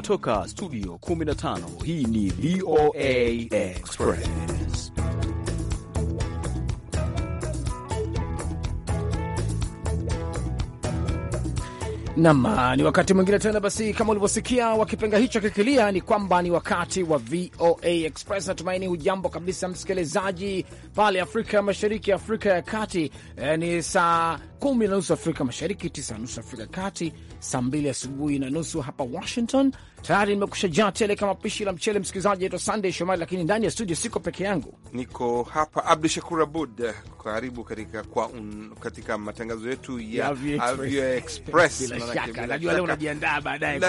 kutoka studio 15 hii ni VOA Express. Nam, ni wakati mwingine tena. Basi kama ulivyosikia wakipenga hicho kikilia, ni kwamba ni wakati wa VOA Express. Natumaini hujambo kabisa msikilizaji pale Afrika Mashariki, Afrika ya Kati. E, ni saa kumi na nusu Afrika Mashariki, tisa na nusu Afrika ya Kati, saa mbili asubuhi na nusu hapa Washington tayari nimekusha jaa tele kama pishi la mchele. Msikilizaji aitwa Sandey Shomari, lakini ndani ya studio siko peke yangu, niko hapa Abdu Shakur Abud. Eh, karibu katika, kwa un, katika matangazo yetu ya Avio Express. Najua leo unajiandaa baadaye,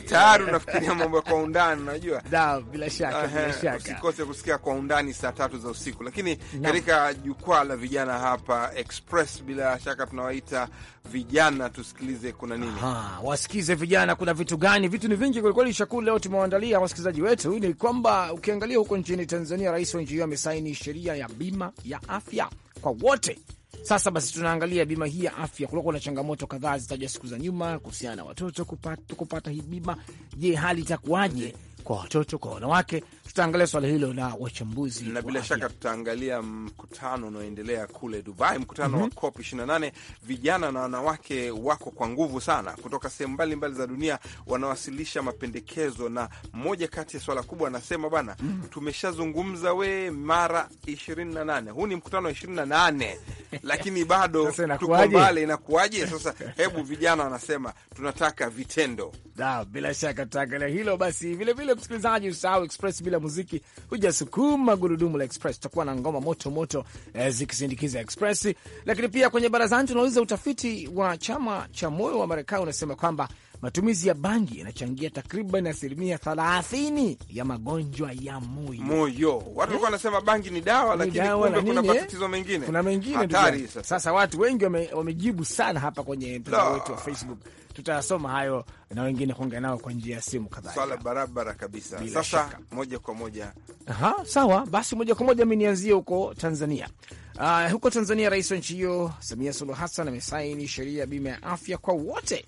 tayari unafikiria mambo ya kwa undani, unajua bila shaka, bila shaka usikose kusikia kwa undani saa tatu za usiku. Lakini katika jukwaa la vijana hapa Express, bila shaka tunawaita vijana tusikilize kuna nini. Aha, wasikize vijana kuna vitu gani, vitu ni vingi kweli chakuu leo tumewaandalia wasikilizaji wetu ni kwamba ukiangalia huko nchini Tanzania, rais wa nchi hiyo amesaini sheria ya bima ya afya kwa wote. Sasa basi, tunaangalia bima hii ya afya. Kulikuwa na changamoto kadhaa zitaja siku za nyuma kuhusiana na watoto kupata, kupata hii bima. Je, hali itakuwaje kwa watoto, kwa wanawake tutaangalia swala hilo la wachambuzi na bila shaka tutaangalia mkutano unaoendelea kule Dubai, mkutano mm -hmm. wa COP 28. Vijana na wanawake wako kwa nguvu sana kutoka sehemu mbalimbali za dunia, wanawasilisha mapendekezo, na moja kati ya swala kubwa anasema bana mm -hmm. tumeshazungumza we mara 28, huu ni mkutano wa 28 lakini bado tuko mbali. Inakuwaje sasa? Hebu vijana wanasema tunataka vitendo da, bila shaka tutaangalia hilo basi. Vilevile msikilizaji, usahau express bila ya muziki, hujasukuma gurudumu la Express. Tutakuwa na ngoma moto moto eh, zikisindikiza Express. Lakini pia kwenye barazani tunauliza, utafiti wa chama cha moyo wa Marekani unasema kwamba matumizi ya bangi yanachangia takriban asilimia thelathini ya magonjwa ya moyo moyo. Watu walikuwa wanasema bangi ni dawa, lakini kumbe kuna eh? matatizo mengine, kuna mengine hatari. Sasa watu wengi wamejibu sana hapa kwenye mtandao wetu wa Facebook tutayasoma hayo na wengine kuongea nao kwa njia ya simu kadhaa. Swala barabara kabisa. Bila sasa shaka, moja kwa moja. Aha, sawa basi, moja kwa moja mi nianzie huko Tanzania. Uh, huko Tanzania rais wa nchi hiyo Samia Suluhu Hassan amesaini sheria ya bima ya afya kwa wote.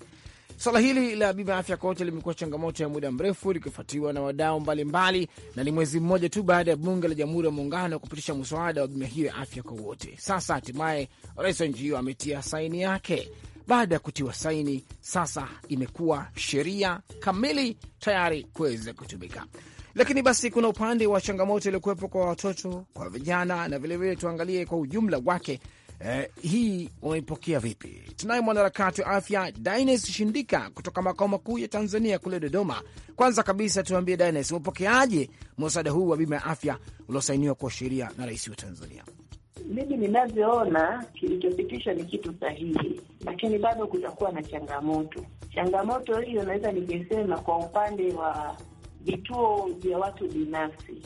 Swala hili la bima ya afya kwa wote limekuwa changamoto ya muda mrefu likifuatiwa na wadau mbalimbali, na ni mwezi mmoja tu baada ya bunge la Jamhuri ya Muungano kupitisha mswada wa bima hiyo ya afya kwa wote. Sasa hatimaye rais wa nchi hiyo ametia saini yake baada ya kutiwa saini, sasa imekuwa sheria kamili tayari kuweza kutumika. Lakini basi kuna upande wa changamoto iliyokuwepo kwa watoto, kwa vijana na vilevile tuangalie kwa ujumla wake. Eh, hii wameipokea vipi? Tunaye mwanaharakati wa afya Dines Shindika kutoka makao makuu ya Tanzania kule Dodoma. Kwanza kabisa tuambie Dines, umepokeaje msaada huu wa bima ya afya uliosainiwa kwa sheria na rais wa Tanzania? Mimi ninavyoona kilichopitishwa ni kitu sahihi, lakini bado kutakuwa na changamoto. Changamoto hiyo naweza nikisema kwa upande wa vituo vya watu binafsi.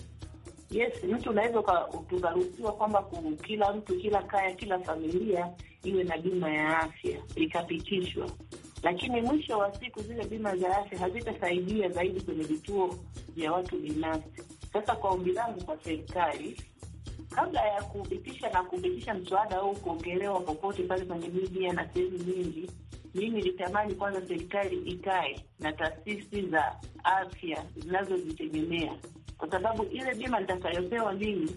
Yes, mtu unaweza tukaruhusiwa kwamba kila mtu, kila kaya, kila familia iwe na bima ya afya ikapitishwa, lakini mwisho wa siku zile bima za afya hazitasaidia zaidi kwenye vituo vya watu binafsi. Sasa kwa ombi langu kwa serikali kabla ya kupitisha na kupitisha mswada au kuongelewa popote pale kwenye media na sehemu nyingi, mimi nilitamani kwanza serikali ikae na taasisi za afya zinazozitegemea kwa sababu ile bima nitakayopewa mimi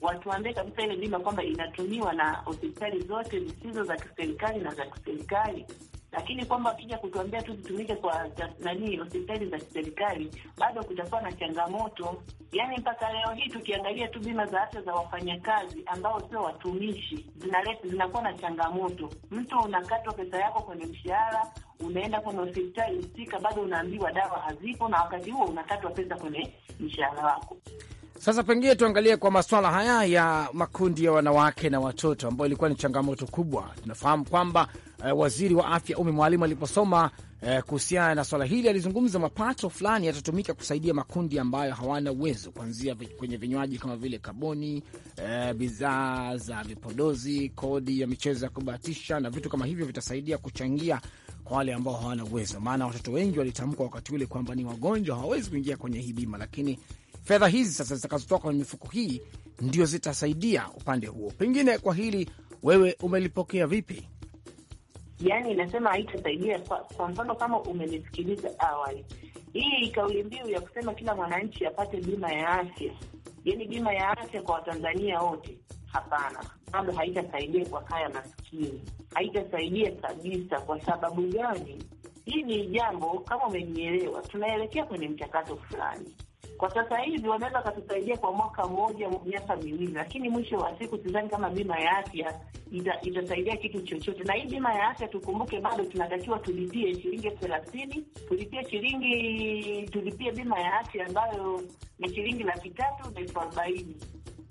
watuambie kabisa ile bima kwamba inatumiwa na hospitali zote zisizo za kiserikali na za kiserikali lakini kwamba wakija kutuambia tu zitumike kwa nani hospitali za kiserikali, bado kutakuwa na changamoto. Yani mpaka leo hii tukiangalia tu bima za afya za wafanyakazi ambao sio watumishi zinaleta zinakuwa na changamoto. Mtu unakatwa pesa yako kwenye mshahara, unaenda kwenye hospitali husika, bado unaambiwa dawa hazipo, na wakati huo unakatwa pesa kwenye mshahara wako. Sasa pengine tuangalie kwa maswala haya ya makundi ya wanawake na watoto ambayo ilikuwa ni changamoto kubwa. Tunafahamu kwamba eh, waziri wa afya Umi Mwalimu aliposoma eh, kuhusiana na swala hili, alizungumza mapato fulani yatatumika kusaidia makundi ambayo hawana uwezo, kuanzia kwenye vinywaji kama vile kaboni, eh, bidhaa za vipodozi, kodi ya michezo ya kubahatisha na vitu kama hivyo, vitasaidia kuchangia kwa wale ambao hawana uwezo, maana watoto wengi walitamkwa wakati ule kwamba ni wagonjwa, hawawezi kuingia kwenye hii bima, lakini fedha hizi sasa zitakazotoka kwenye mifuko hii ndio zitasaidia upande huo. Pengine kwa hili wewe umelipokea vipi? yani inasema haitasaidia. Kwa, kwa mfano kama umenisikiliza awali, hii kauli mbiu ya kusema kila mwananchi apate bima ya afya, yani bima ya afya kwa Watanzania wote, hapana, bado haitasaidia kwa kaya maskini, haitasaidia kabisa. Kwa sababu gani? Hii ni jambo, kama umenielewa, tunaelekea kwenye mchakato fulani kwa sasa hivi wanaweza wakatusaidia kwa mwaka mmoja, miaka miwili, lakini mwisho wa siku sidhani kama bima ya afya ita, itasaidia kitu chochote. Na hii bima ya afya tukumbuke, bado tunatakiwa tulipie shilingi elfu thelathini tulipie shilingi tulipie bima ya afya ambayo ni shilingi laki tatu na elfu arobaini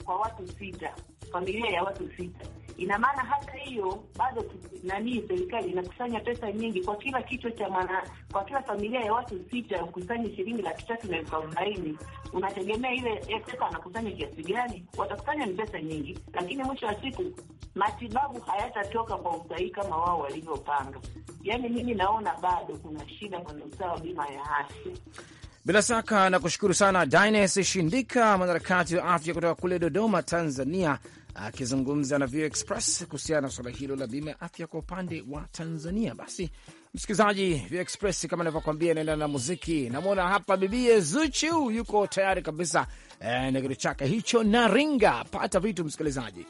kwa watu sita, familia ya watu sita. Ina maana hata hiyo bado nani, serikali inakusanya pesa nyingi kwa kila kichwa cha mwana, kwa kila familia ya watu sita ukusanye shilingi laki tatu na elfu arobaini unategemea ile pesa wanakusanya kiasi gani? Watakusanya ni pesa nyingi, lakini mwisho wa siku matibabu hayatatoka kwa usahihi kama wao walivyopanga. Yani mimi naona bado kuna shida kwenye usawa wa bima ya afya. Bila shaka na kushukuru sana Dines Shindika, mwanaharakati wa afya kutoka kule Dodoma, Tanzania, akizungumza na Vio Express kuhusiana na suala hilo la bima ya afya kwa upande wa Tanzania. Basi msikilizaji, Vio Express kama anavyokwambia inaenda na muziki. Namwona hapa bibie Zuchu yuko tayari kabisa e, na kitu chake hicho naringa. Pata vitu msikilizaji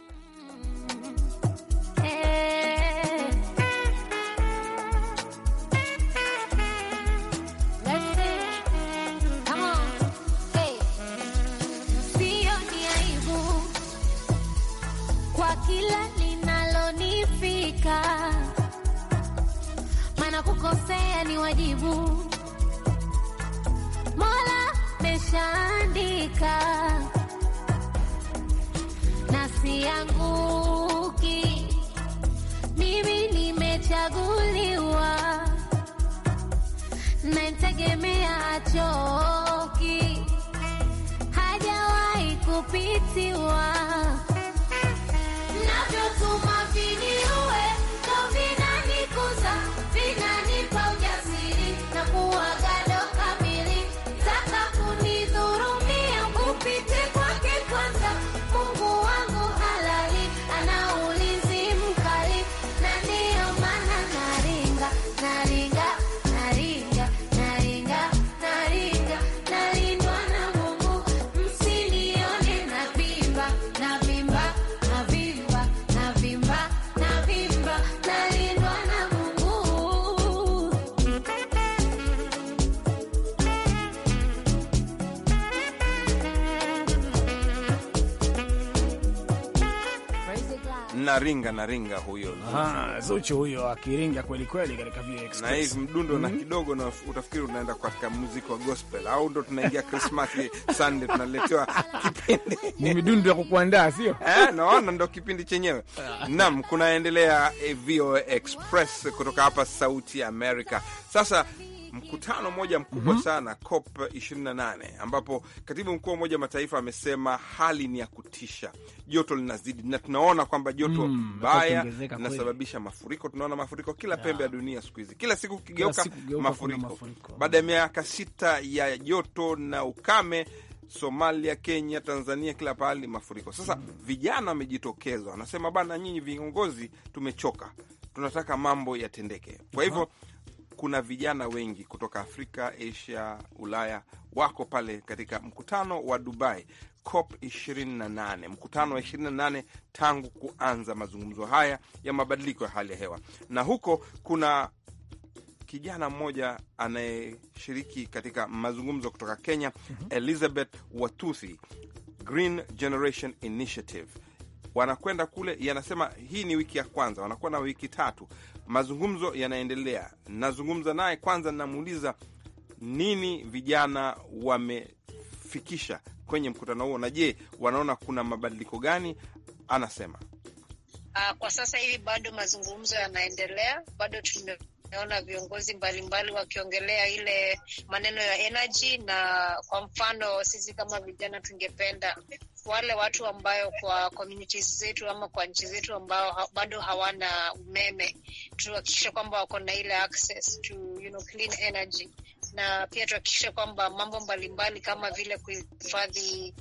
hachoki, hajawahi kupitiwa na naringa huyo Zuchu huyo akiringa kweli kweli katika VX Na hivi mdundo mm -hmm. na mhm. kidogo na utafikiri unaenda katika muziki wa gospel au ndo tunaingia Christmas Sunday tunaletewa kipindi. Ni midundo ya kukuandaa sio? Eh, naona ndo kipindi chenyewe. Naam, kunaendelea eh, VOA Express kutoka hapa Sauti ya America. Sasa mkutano mmoja mkubwa mm -hmm. sana COP 28 ambapo katibu mkuu wa Umoja Mataifa amesema hali ni ya kutisha, joto linazidi na tunaona kwamba joto mm, baya linasababisha mafuriko. Tunaona mafuriko kila yeah. pembe ya dunia siku hizi, kila siku kigeuka mafuriko, mafuriko. Baada ya miaka sita ya joto na ukame Somalia, Kenya, Tanzania, kila pahali mafuriko. Sasa mm. vijana wamejitokeza, wanasema bana, nyinyi viongozi tumechoka, tunataka mambo yatendeke. Kwa hivyo kuna vijana wengi kutoka Afrika, Asia, Ulaya wako pale katika mkutano wa Dubai COP 28, mkutano wa 28 tangu kuanza mazungumzo haya ya mabadiliko ya hali ya hewa, na huko kuna kijana mmoja anayeshiriki katika mazungumzo kutoka Kenya, mhm. Elizabeth Watusi, Green Generation Initiative wanakwenda kule, yanasema hii ni wiki ya kwanza, wanakuwa na wiki tatu mazungumzo yanaendelea. Nazungumza naye kwanza, namuuliza nini vijana wamefikisha kwenye mkutano huo, na je, wanaona kuna mabadiliko gani? Anasema uh, kwa sasa hivi bado mazungumzo yanaendelea, bado tume naona viongozi mbalimbali wakiongelea ile maneno ya energy na kwa mfano, sisi kama vijana tungependa wale watu ambayo kwa communities zetu ama kwa nchi zetu ambao ha, bado hawana umeme, tuhakikishe kwamba wako na ile access to you know, clean energy na pia tuhakikishe kwamba mambo mbalimbali kama vile kuhifadhi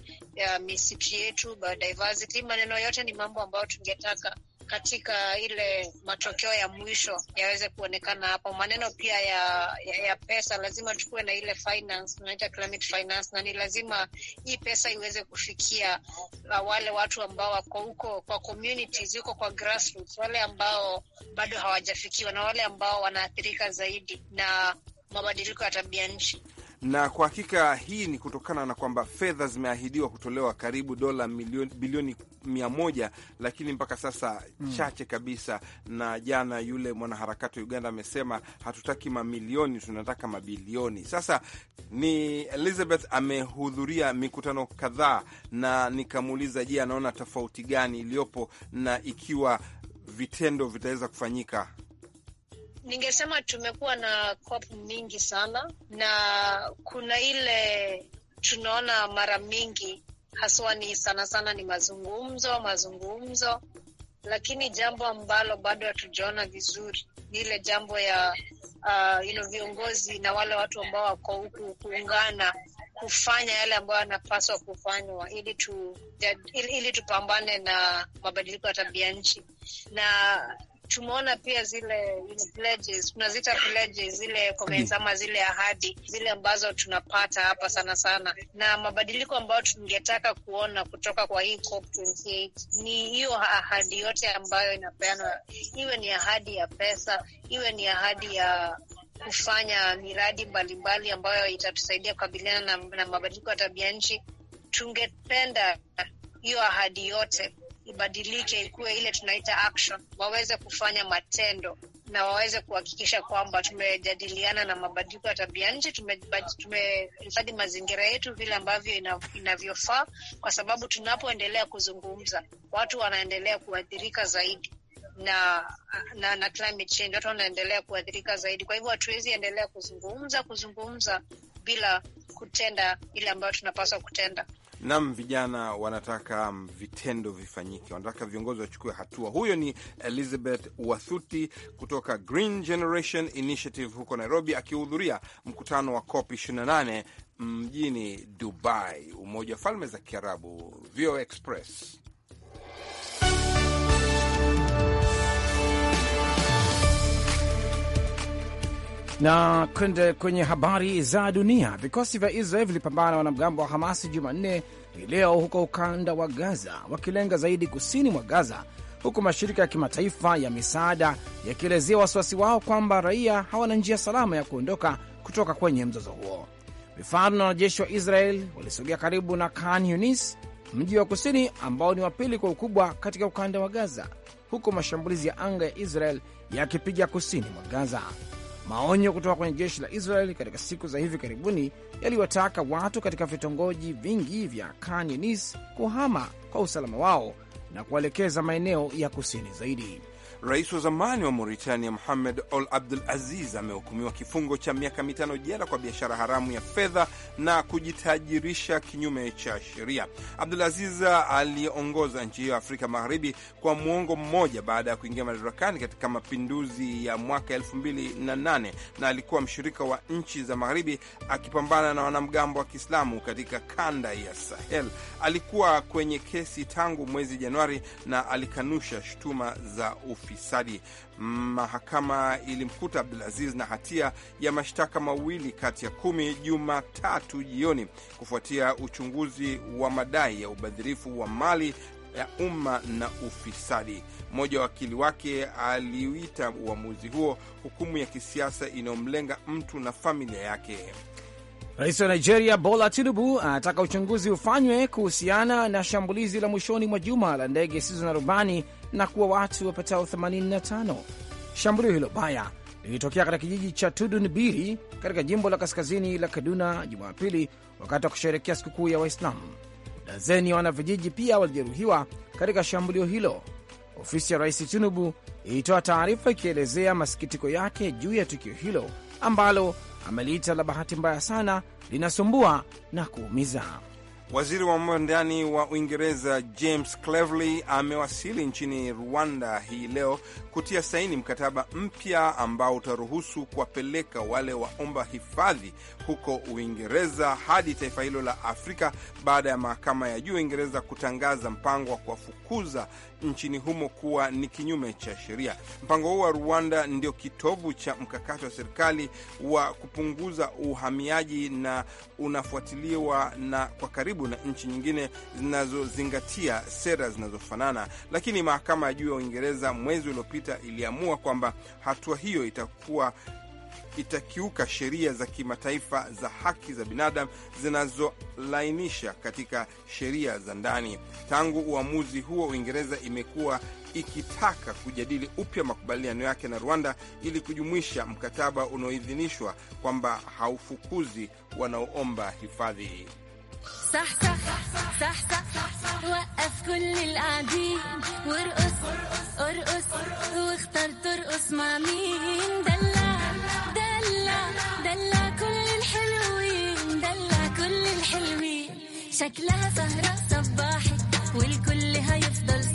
misitu yetu, biodiversity, maneno yote ni mambo ambayo tungetaka katika ile matokeo ya mwisho yaweze kuonekana hapo. Maneno pia ya, ya, ya pesa, lazima tukuwe na ile finance, tunaita climate finance, na ni lazima hii pesa iweze kufikia uh, wale watu ambao wako huko kwa communities, huko kwa grassroots, wale ambao bado hawajafikiwa na wale ambao wanaathirika zaidi na mabadiliko ya tabia nchi na kwa hakika hii ni kutokana na kwamba fedha zimeahidiwa kutolewa karibu dola bilioni mia moja lakini mpaka sasa mm, chache kabisa. Na jana yule mwanaharakati wa Uganda amesema hatutaki mamilioni, tunataka mabilioni. Sasa ni Elizabeth amehudhuria mikutano kadhaa, na nikamuuliza, je, anaona tofauti gani iliyopo na ikiwa vitendo vitaweza kufanyika Ningesema tumekuwa na COP mingi sana, na kuna ile tunaona mara mingi haswa ni sana sana ni mazungumzo mazungumzo, lakini jambo ambalo bado hatujaona vizuri ni ile jambo ya uh, you viongozi na wale watu ambao wako huku kuungana kufanya yale ambayo yanapaswa kufanywa ili tu, ili, ili tupambane na mabadiliko ya tabia nchi na tumeona pia zile pledges, tunaziita pledges, zile comments ama zile ahadi zile ambazo tunapata hapa sana sana, na mabadiliko ambayo tungetaka kuona kutoka kwa hii COP 28 ni hiyo ahadi yote ambayo inapeanwa, iwe ni ahadi ya pesa, iwe ni ahadi ya kufanya miradi mbalimbali ambayo itatusaidia kukabiliana na, na mabadiliko ya tabia nchi. Tungependa hiyo ahadi yote ibadilike, ikuwe ile tunaita action, waweze kufanya matendo na waweze kuhakikisha kwamba tumejadiliana na mabadiliko ya tabia nchi, tumehifadhi mazingira yetu vile ambavyo inavyofaa, kwa sababu tunapoendelea kuzungumza, watu wanaendelea kuathirika zaidi na na, na climate change, watu wanaendelea kuathirika zaidi. Kwa hivyo hatuwezi endelea kuzungumza kuzungumza bila kutenda ile ambayo tunapaswa kutenda. Nam, vijana wanataka vitendo vifanyike, wanataka viongozi wachukue hatua. Huyo ni Elizabeth Wathuti kutoka Green Generation Initiative huko Nairobi, akihudhuria mkutano wa COP 28 mjini Dubai, Umoja wa Falme za Kiarabu. VOA Express Na kwende kwenye habari za dunia, vikosi vya Israel vilipambana na wanamgambo wa Hamasi Jumanne hii leo huko ukanda wa Gaza, wakilenga zaidi kusini mwa Gaza, huku mashirika ya kimataifa ya misaada yakielezea wasiwasi wao kwamba raia hawana njia salama ya kuondoka kutoka kwenye mzozo huo. Vifaru na wanajeshi wa Israel walisogea karibu na Khan Yunis, mji wa kusini ambao ni wa pili kwa ukubwa katika ukanda wa Gaza, huku mashambulizi ya anga ya Israel yakipiga kusini mwa Gaza. Maonyo kutoka kwenye jeshi la Israel katika siku za hivi karibuni yaliwataka watu katika vitongoji vingi vya Khan Yunis kuhama kwa usalama wao na kuelekeza maeneo ya kusini zaidi. Rais wa zamani wa Mauritania Muhamed Ol abdul Aziz amehukumiwa kifungo cha miaka mitano jela kwa biashara haramu ya fedha na kujitajirisha kinyume cha sheria. Abdul Aziz aliongoza nchi hiyo ya Afrika Magharibi kwa mwongo mmoja baada ya kuingia madarakani katika mapinduzi ya mwaka 2008 na alikuwa mshirika wa nchi za Magharibi akipambana na wanamgambo wa Kiislamu katika kanda ya Sahel. Alikuwa kwenye kesi tangu mwezi Januari na alikanusha shutuma za ufi ufisadi. Mahakama ilimkuta Abdulaziz na hatia ya mashtaka mawili kati ya kumi Jumatatu jioni kufuatia uchunguzi wa madai ya ubadhirifu wa mali ya umma na ufisadi. Mmoja wa wakili wake aliuita uamuzi huo hukumu ya kisiasa inayomlenga mtu na familia yake. Rais wa Nigeria Bola Tinubu anataka uchunguzi ufanywe kuhusiana na shambulizi la mwishoni mwa juma la ndege zisizo na rubani na kuwa watu wapatao 85. Shambulio hilo baya lilitokea katika kijiji cha tudun biri katika jimbo la kaskazini la Kaduna Jumapili, wakati wa kusherekea sikukuu ya Waislamu. Dazeni ya wanavijiji pia walijeruhiwa katika shambulio hilo. Ofisi ya Rais Tinubu ilitoa taarifa ikielezea masikitiko yake juu ya tukio hilo ambalo ameliita la bahati mbaya sana, linasumbua na kuumiza. Waziri wa mambo ya ndani wa Uingereza James Cleverly amewasili nchini Rwanda hii leo kutia saini mkataba mpya ambao utaruhusu kuwapeleka wale waomba hifadhi huko Uingereza hadi taifa hilo la Afrika baada ya mahakama ya juu ya Uingereza kutangaza mpango wa kuwafukuza nchini humo kuwa ni kinyume cha sheria. Mpango huo wa Rwanda ndio kitovu cha mkakati wa serikali wa kupunguza uhamiaji na unafuatiliwa na kwa karibu na nchi nyingine zinazozingatia sera zinazofanana, lakini mahakama ya juu ya Uingereza mwezi uliopita iliamua kwamba hatua hiyo itakuwa itakiuka sheria za kimataifa za haki za binadamu zinazolainisha katika sheria za ndani. Tangu uamuzi huo, Uingereza imekuwa ikitaka kujadili upya makubaliano yake na Rwanda ili kujumuisha mkataba unaoidhinishwa kwamba haufukuzi wanaoomba hifadhi. دلع كل الحلوين دلع كل الحلوين شكلها سهرة صباحي والكل هيفضل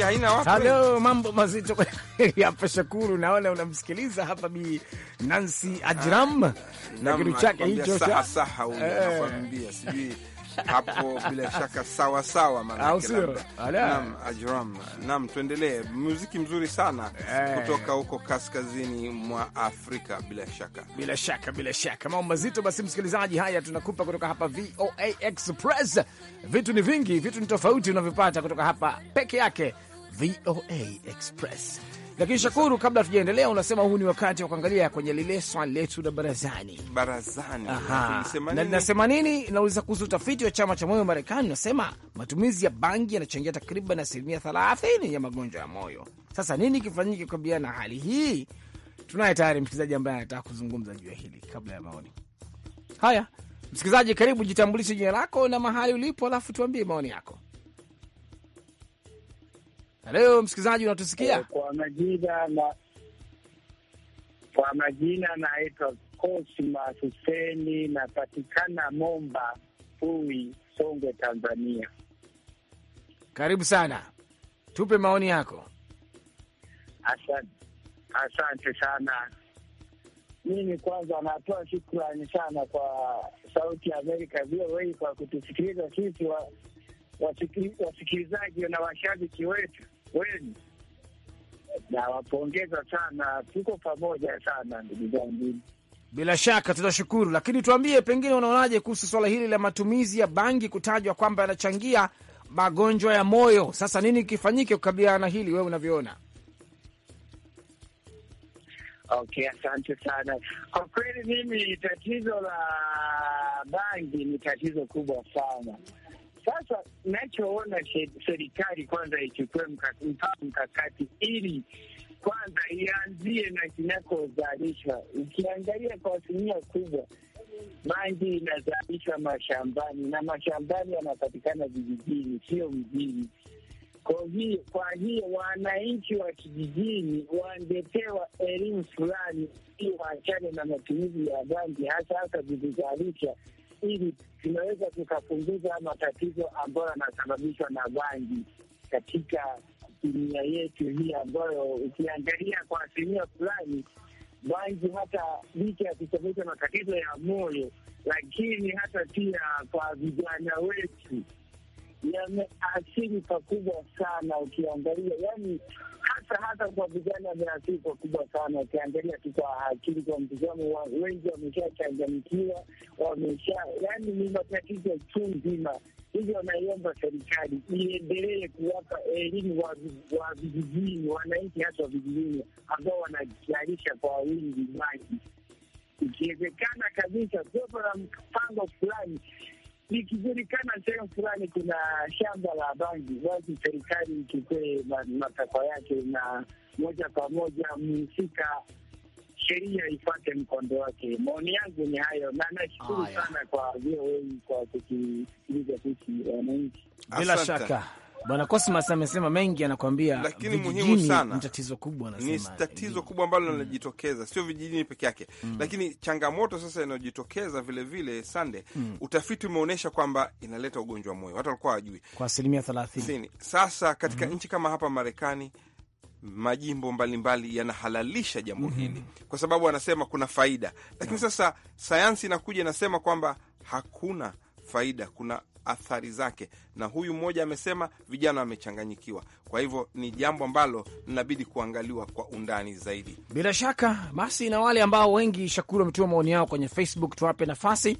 Msikilizaji haina wapi. Halo, mambo mazito hapa. Shukuru, naona unamsikiliza hapa Bi Nancy Ajram ah, na kitu chake hicho cha saha, unakwambia eh. sijui hapo bila shaka sawa sawa, maana naam, Ajram naam. Tuendelee, muziki mzuri sana hey, eh. kutoka huko kaskazini mwa Afrika, bila shaka bila shaka bila shaka, mambo mazito. Basi msikilizaji, haya tunakupa kutoka hapa VOA Express. Vitu ni vingi, vitu ni tofauti unavyopata kutoka hapa peke yake VOA Express. Lakini Shakuru, kabla tujaendelea, unasema huu ni wakati wa kuangalia kwenye lile swali letu la barazani. Barazani na linasema nini? Inauliza kuhusu utafiti wa chama cha moyo Marekani, unasema matumizi ya bangi yanachangia takriban asilimia thelathini ya magonjwa ya moyo. Sasa nini kifanyike kukabiliana na hali hii? Tunaye tayari msikilizaji ambaye anataka kuzungumza juu ya hili kabla ya maoni haya. Msikilizaji, karibu, jitambulishe jina lako na mahali ulipo, alafu tuambie maoni yako. Hello, msikilizaji unatusikia? Eh, kwa majina na kwa majina naitwa Cosma suseni napatikana Momba Fui, Songwe, Tanzania. Karibu sana, tupe maoni yako. Asante, asante sana. Mimi kwanza natoa shukrani sana kwa Sauti ya Amerika VOA kwa kutusikiliza sisi wa wasikilizaji na washabiki wetu wenu, nawapongeza sana. Tuko pamoja sana, ndugu zangu. Bila shaka tutashukuru, lakini tuambie, pengine unaonaje kuhusu suala hili la matumizi ya bangi kutajwa kwamba yanachangia magonjwa ya moyo? Sasa nini kifanyike kukabiliana na hili, wewe unavyoona? Okay, asante sana. Kwa kweli, mimi tatizo la bangi ni tatizo kubwa sana sasa nachoona serikali kwanza ichukue mkakati ili kwanza ianzie na kinakozalishwa. Ukiangalia kwa asilimia kubwa mangi inazalishwa mashambani na mashambani yanapatikana vijijini, sio mjini. Kwa hiyo kwa hiyo wananchi wa kijijini wangepewa elimu fulani ili waachane na matumizi ya bangi, hasa hasa vizizalisha asili zinaweza zikapunguza matatizo ambayo yanasababishwa na bangi katika dunia yetu hii, ambayo ukiangalia kwa asilimia fulani bangi hata licha ya kusababisha matatizo ya moyo, lakini hata pia kwa vijana wetu yameathiri pakubwa sana. Ukiangalia yani sasa hata kwa vijana vina kubwa sana, ukiangalia tu kwa akili, kwa mtizamo wa wengi, wameshachangamkiwa, wamesha yani ni matatizo tu nzima. Hivyo wanaiomba serikali iendelee kuwapa elimu wa vijijini, wananchi hasa wa vijijini ambao wanajalisha kwa wingi maji ikiwezekana kabisa kuwepo na mpango fulani likijulikana sehemu fulani kuna shamba la bangi, basi serikali ichukue matakwa yake, na moja kwa moja mhusika sheria ifate mkondo wake. Maoni yangu ni hayo, na nashukuru sana kwa VOA kwa kusikiliza sisi wananchi. Bila shaka Bwana Cosmas amesema mengi, anakwambia lakini muhimu sana, ni tatizo kubwa, ni tatizo kubwa ambalo linajitokeza mm. sio vijijini peke yake mm. lakini changamoto sasa inayojitokeza vilevile sande mm. utafiti umeonyesha kwamba inaleta ugonjwa wa moyo, watu walikuwa hawajui kwa asilimia thelathini. Sasa katika mm nchi kama hapa Marekani majimbo mbalimbali yanahalalisha jambo mm -hmm. hili kwa sababu anasema kuna faida, lakini no. sasa sayansi inakuja inasema kwamba hakuna faida, kuna athari zake, na huyu mmoja amesema vijana wamechanganyikiwa. Kwa hivyo ni jambo ambalo linabidi kuangaliwa kwa undani zaidi, bila shaka. Basi na wale ambao wengi, Shakuru, wametuma maoni yao kwenye Facebook, tuwape nafasi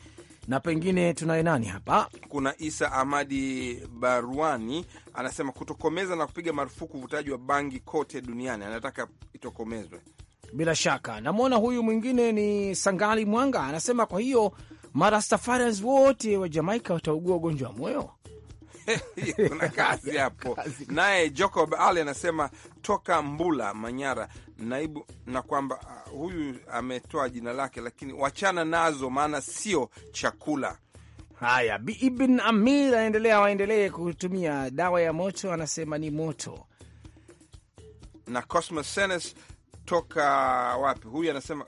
na pengine tunaye nani hapa? Kuna Isa Ahmadi Barwani anasema kutokomeza na kupiga marufuku uvutaji wa bangi kote duniani, anataka itokomezwe bila shaka. Namwona huyu mwingine ni Sangali Mwanga anasema kwa hiyo Marastafarians wote wa Jamaika wataugua ugonjwa wa moyo. Kuna kazi hapo. Naye Jacob Ali anasema toka Mbula, Manyara, naibu na kwamba uh, huyu ametoa jina lake, lakini wachana nazo, maana sio chakula. Haya, Bi Ibn Amir anaendelea, waendelee kutumia dawa ya moto, anasema ni moto. Na Cosmos Senes toka wapi huyu anasema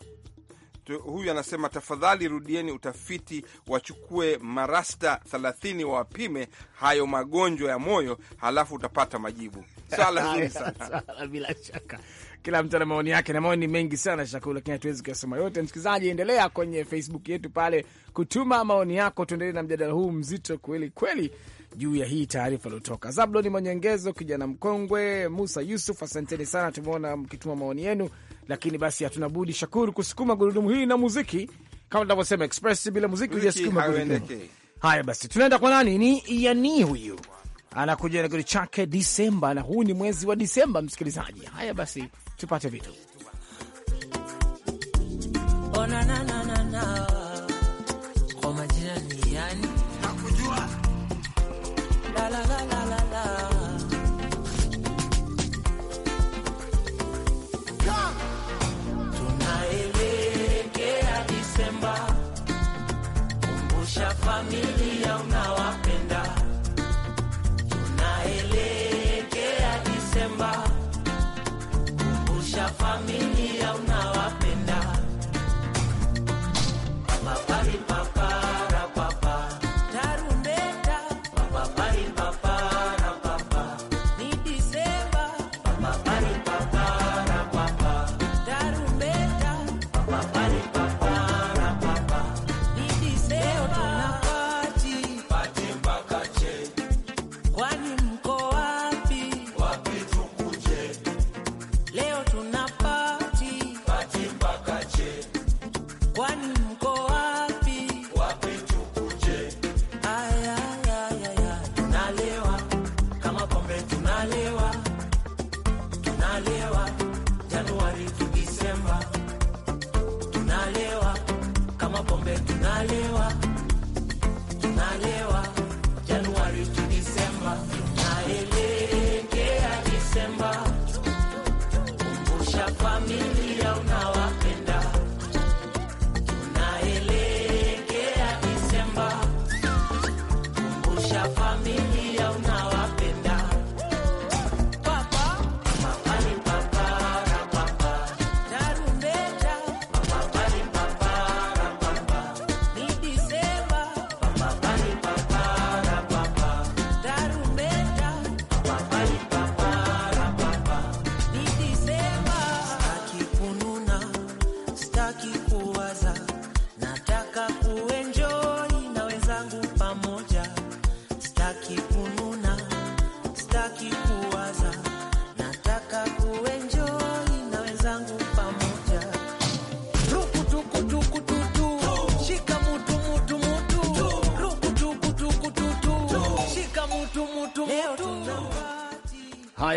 huyu anasema tafadhali rudieni utafiti, wachukue marasta 30 wapime hayo magonjwa ya moyo, halafu utapata majibu. Swala zuri sana bila shaka. Kila mtu ana maoni yake na maoni mengi sana Shakuru, lakini hatuwezi kuyasoma yote. Msikilizaji, endelea kwenye Facebook yetu pale kutuma maoni yako, tuendelee na mjadala huu mzito kweli kweli juu ya hii taarifa iliotoka. Zabloni Mwenyengezo, kijana mkongwe Musa Yusuf, asanteni sana, tumeona mkituma maoni yenu lakini basi hatuna budi Shakuru kusukuma gurudumu hili na muziki, kama tunavyosema express, bila muziki hujasukuma gurudumu. Haya basi, tunaenda kwa nani? Ni yani huyu anakuja na kitu chake Disemba, na huu ni mwezi wa Disemba, msikilizaji. Haya basi, tupate vitu oh,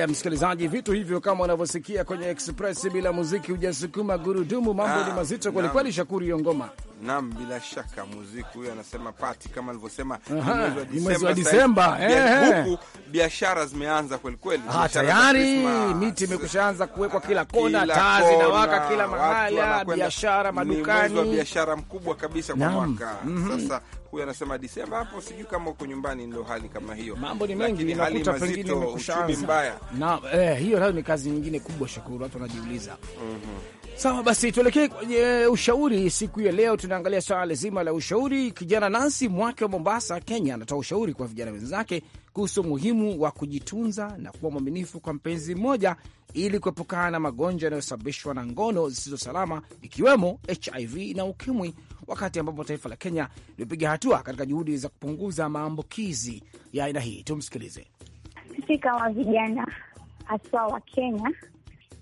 Haya msikilizaji, vitu hivyo kama unavyosikia kwenye Express, bila muziki hujasukuma gurudumu. Mambo ni ah, mazito kwelikweli, Shakuri yo ngoma Nam, bila shaka muziki huyo anasema pati, kama alivyosema mwezi wa Disemba yaani huku biashara zimeanza kwelikweli, ah, tayari miti imekushaanza kuwekwa kila kona, taa zinawaka kila mahali, biashara madukani, mwezi wa biashara mkubwa kabisa kwa mwaka mm -hmm. Sasa huyo anasema Disemba hapo, sijui kama uko nyumbani ndo hali kama hiyo, mambo ni mengi, inakuta pengine imekushaanza mbaya na eh, hiyo nayo ni kazi nyingine kubwa, shukuru watu wanajiuliza mm -hmm. Sawa basi, tuelekee kwenye ushauri siku ya leo. Tunaangalia swala zima la ushauri. Kijana Nansi Mwake wa Mombasa, Kenya, anatoa ushauri kwa vijana wenzake kuhusu umuhimu wa kujitunza na kuwa mwaminifu kwa mpenzi mmoja ili kuepukana na magonjwa yanayosababishwa na ngono zisizo salama ikiwemo HIV na UKIMWI, wakati ambapo taifa la Kenya limepiga hatua katika juhudi za kupunguza maambukizi ya aina hii. Tumsikilize. Sisi kama vijana haswa wa Kenya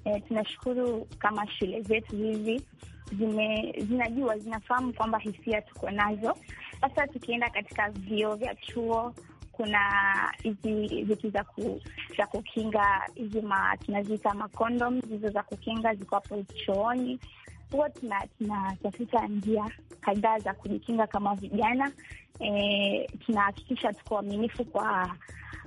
E, tunashukuru kama shule zetu hizi zime, zinajua zinafahamu kwamba hisia tuko nazo. Sasa tukienda katika vio vya chuo kuna hizi vitu za kukinga hizi ma tunaziita makondom, hizo za kukinga ziko hapo chooni. Huwa tunatafuta njia kadhaa za kujikinga kama vijana e, tunahakikisha tuko waaminifu kwa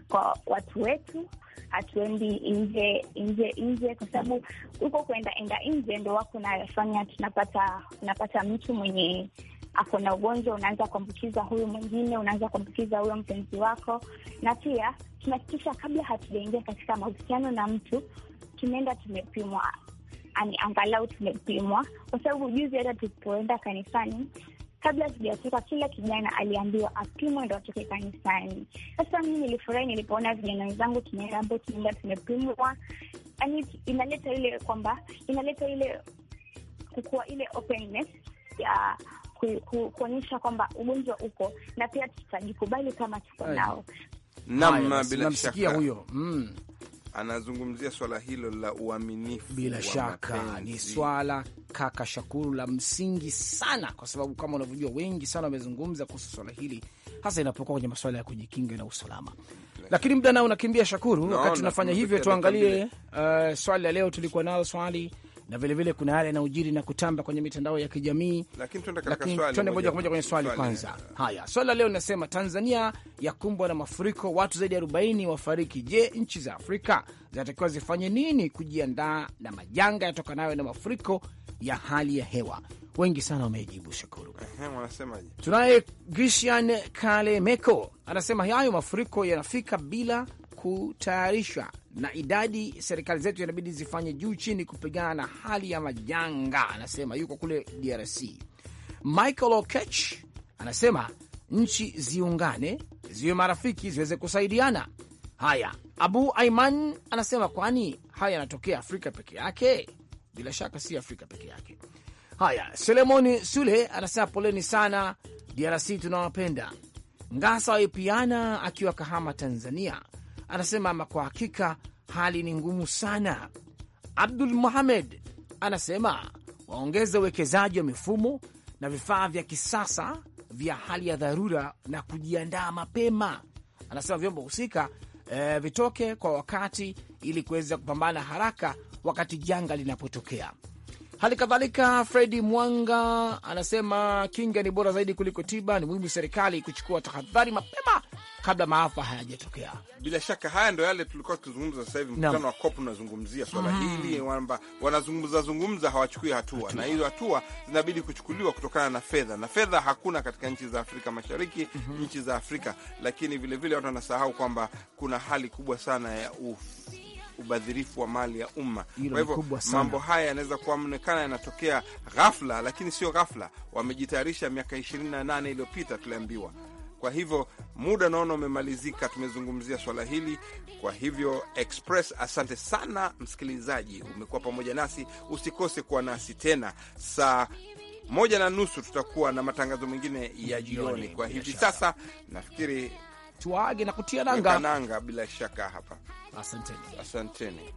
kwa watu wetu hatuendi nje nje nje, kwa sababu huko kuenda enda nje ndo wako nafanya tunapata unapata mtu mwenye ako na ugonjwa, unaanza kuambukiza huyu mwingine, unaanza kuambukiza huyo mpenzi wako. Na pia tunahakikisha kabla hatujaingia katika mahusiano na mtu, tumeenda tumepimwa, angalau tumepimwa, kwa sababu juzi hata tulipoenda kanisani kabla sijafika, kila kijana aliambiwa apimwe ndo atoke kanisani. Sasa mimi nilifurahi nilipoona vijana wenzangu tunaenda ambao tunaenda tumepimwa, yaani inaleta ile kwamba inaleta ile kukua ile openness ya kuonyesha kwamba ugonjwa uko na pia tutajikubali kama tuko nao. Namsikia huyo mm anazungumzia swala hilo la uaminifu. Bila shaka mapenzi ni swala kaka Shakuru la msingi sana, kwa sababu kama unavyojua, wengi sana wamezungumza kuhusu swala hili, hasa inapokuwa kwenye masuala ya kujikinga na usalama. Lakini muda nao unakimbia, Shakuru, wakati no, tunafanya hivyo, tuangalie uh, swali la leo tulikuwa nalo swali na vilevile vile kuna yale yanayojiri na kutamba kwenye mitandao ya kijamii, lakini tuende moja kwa moja kwenye swali kwanza. Haya, swali la leo linasema Tanzania yakumbwa na mafuriko, watu zaidi ya 40 wafariki. Je, nchi za Afrika zinatakiwa zifanye nini kujiandaa na majanga yatokanayo na mafuriko ya hali ya hewa? Wengi sana wamejibu. Shukuru. Tunaye Christian Kalemeko anasema hayo mafuriko yanafika bila kutayarishwa na idadi, serikali zetu inabidi zifanye juu chini kupigana na hali ya majanga, anasema. Yuko kule DRC. Michael Okech anasema nchi ziungane, ziwe marafiki, ziweze kusaidiana. Haya, Abu Aiman anasema kwani haya yanatokea Afrika peke yake? Bila shaka si Afrika peke yake. Haya, Selemoni Sule anasema poleni sana DRC, tunawapenda. Ngasa Waipiana akiwa Kahama, Tanzania anasema ama kwa hakika hali ni ngumu sana. Abdul muhamed anasema waongeze uwekezaji wa mifumo na vifaa vya kisasa vya hali ya dharura na kujiandaa mapema. Anasema vyombo husika e, vitoke kwa wakati ili kuweza kupambana haraka wakati janga linapotokea. Hali kadhalika Fredi Mwanga anasema kinga ni bora zaidi kuliko tiba. Ni muhimu serikali kuchukua tahadhari mapema kabla maafa hayajatokea. Bila shaka haya ndo yale tulikuwa tukizungumza sasa hivi, mkutano wa COP unazungumzia swala mm. hili kwamba wanazungumza zungumza, hawachukui hatua, hatua. Na hizo hatua zinabidi kuchukuliwa kutokana na fedha, na fedha hakuna katika nchi za Afrika Mashariki mm -hmm. nchi za Afrika, lakini vilevile watu wanasahau kwamba kuna hali kubwa sana ya uf ubadhirifu wa mali ya umma. Kwa hivyo mambo haya yanaweza kuonekana yanatokea ghafla, lakini sio ghafla. Wamejitayarisha miaka ishirini na nane iliyopita tuliambiwa kwa hivyo muda naona umemalizika, tumezungumzia swala hili. Kwa hivyo Express, asante sana msikilizaji, umekuwa pamoja nasi. Usikose kuwa nasi tena saa moja na nusu tutakuwa na matangazo mengine ya jioni. Kwa hivi sasa nafikiri tuage na kutia nanga nanga, bila shaka hapa. Asanteni, asanteni.